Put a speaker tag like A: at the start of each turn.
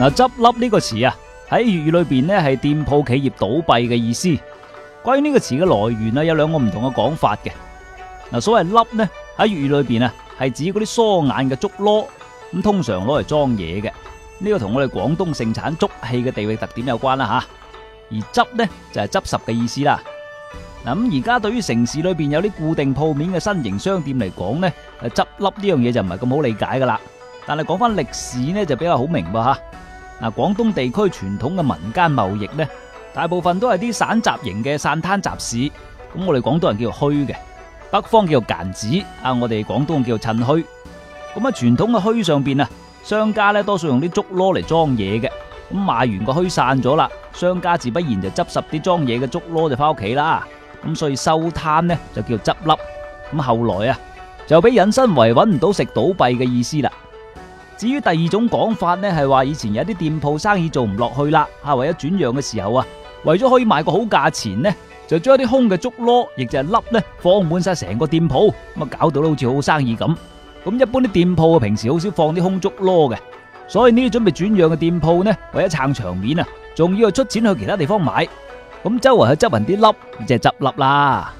A: 嗱，執笠呢個詞啊，喺粵語裏邊呢係店鋪企業倒閉嘅意思。關於呢個詞嘅來源啊，有兩個唔同嘅講法嘅。嗱，所謂笠呢，喺粵語裏邊啊係指嗰啲疏眼嘅竹籮，咁通常攞嚟裝嘢嘅。呢個同我哋廣東盛產竹器嘅地域特點有關啦吓。而執呢，就係執拾嘅意思啦。嗱咁而家對於城市裏邊有啲固定鋪面嘅新型商店嚟講呢，執笠呢樣嘢就唔係咁好理解噶啦。但係講翻歷史呢，就比較好明白吓。嗱、啊，廣東地區傳統嘅民間貿易咧，大部分都係啲散集型嘅散攤集市，咁我哋廣東人叫做墟嘅，北方叫趕集，啊，我哋廣東人叫趁墟。咁啊，傳統嘅墟上邊啊，商家咧多數用啲竹籮嚟裝嘢嘅，咁買完個墟散咗啦，商家自不然就執拾啲裝嘢嘅竹籮就翻屋企啦，咁所以收攤呢就叫做執笠，咁後來啊就俾引申為揾唔到食倒閉嘅意思啦。至於第二種講法呢係話以前有啲店鋪生意做唔落去啦，吓為咗轉讓嘅時候啊，為咗可以賣個好價錢呢，就將一啲空嘅竹籮，亦就係笠呢，放滿晒成個店鋪，咁搞到好似好生意咁。咁一般啲店鋪平時好少放啲空竹籮嘅，所以呢啲準備轉讓嘅店鋪呢，為咗撐場面啊，仲要出錢去其他地方買，咁周圍去執勻啲笠，就係執笠啦。